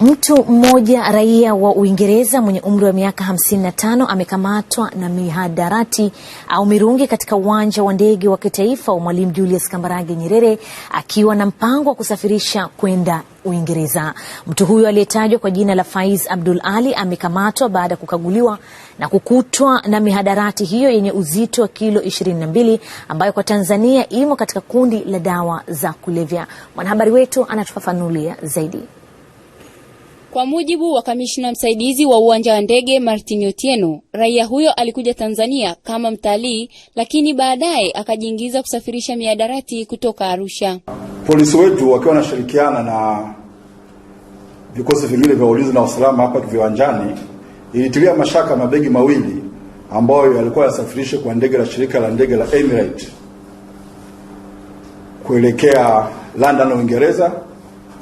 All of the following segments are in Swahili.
Mtu mmoja raia wa Uingereza mwenye umri wa miaka 55 amekamatwa na mihadarati au mirungi katika uwanja wa ndege wa kitaifa wa Mwalimu Julius Kambarage Nyerere akiwa na mpango wa kusafirisha kwenda Uingereza. Mtu huyo aliyetajwa kwa jina la Faiz Abdul Ali amekamatwa baada ya kukaguliwa na kukutwa na mihadarati hiyo yenye uzito wa kilo 22 ambayo kwa Tanzania imo katika kundi la dawa za kulevya. Mwanahabari wetu anatufafanulia zaidi. Kwa mujibu wa kamishna msaidizi wa uwanja wa ndege Martin Otieno, raia huyo alikuja Tanzania kama mtalii, lakini baadaye akajiingiza kusafirisha miadarati kutoka Arusha. Polisi wetu wakiwa wanashirikiana na vikosi vingine vya ulinzi na usalama hapa viwanjani, ilitilia mashaka mabegi mawili ambayo yalikuwa yasafirishwe kwa ndege la shirika la ndege la Emirates kuelekea London, Uingereza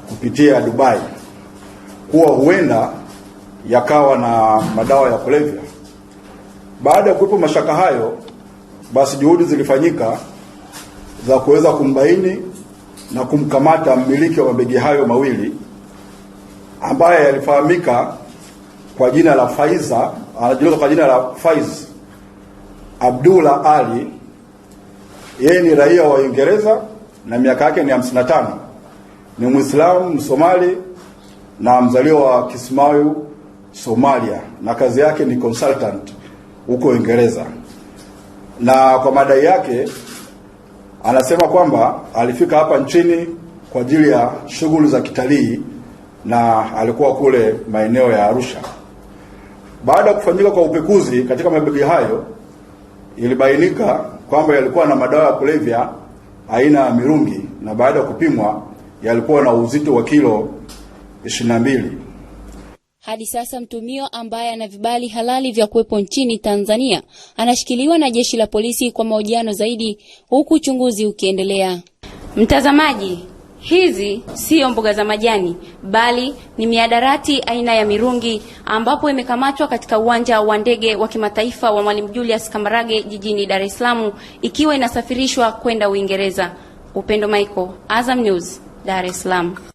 kupitia Dubai kuwa huenda yakawa na madawa ya kulevya. Baada ya kuwepo mashaka hayo, basi juhudi zilifanyika za kuweza kumbaini na kumkamata mmiliki wa mabegi hayo mawili ambaye yalifahamika kwa jina la Faiza, anajulikana kwa jina la Faiz Abdullah Ali. Yeye ni raia wa Uingereza na miaka yake ni 55, ni Muislamu Msomali na mzaliwa wa Kismayu Somalia, na kazi yake ni consultant huko Uingereza, na kwa madai yake anasema kwamba alifika hapa nchini kwa ajili ya shughuli za kitalii na alikuwa kule maeneo ya Arusha. Baada ya kufanyika kwa upekuzi katika mabegi hayo, ilibainika kwamba yalikuwa na madawa ya kulevya aina ya mirungi, na baada ya kupimwa yalikuwa na uzito wa kilo 22. Hadi sasa mtumio ambaye ana vibali halali vya kuwepo nchini Tanzania anashikiliwa na jeshi la polisi kwa mahojiano zaidi huku uchunguzi ukiendelea. Mtazamaji, hizi siyo mboga za majani bali ni miadarati aina ya mirungi ambapo imekamatwa katika uwanja wa ndege wa kimataifa wa Mwalimu Julius Kambarage jijini Dar es Salaam ikiwa inasafirishwa kwenda Uingereza. Upendo Michael, Azam News, Dar es Salaam.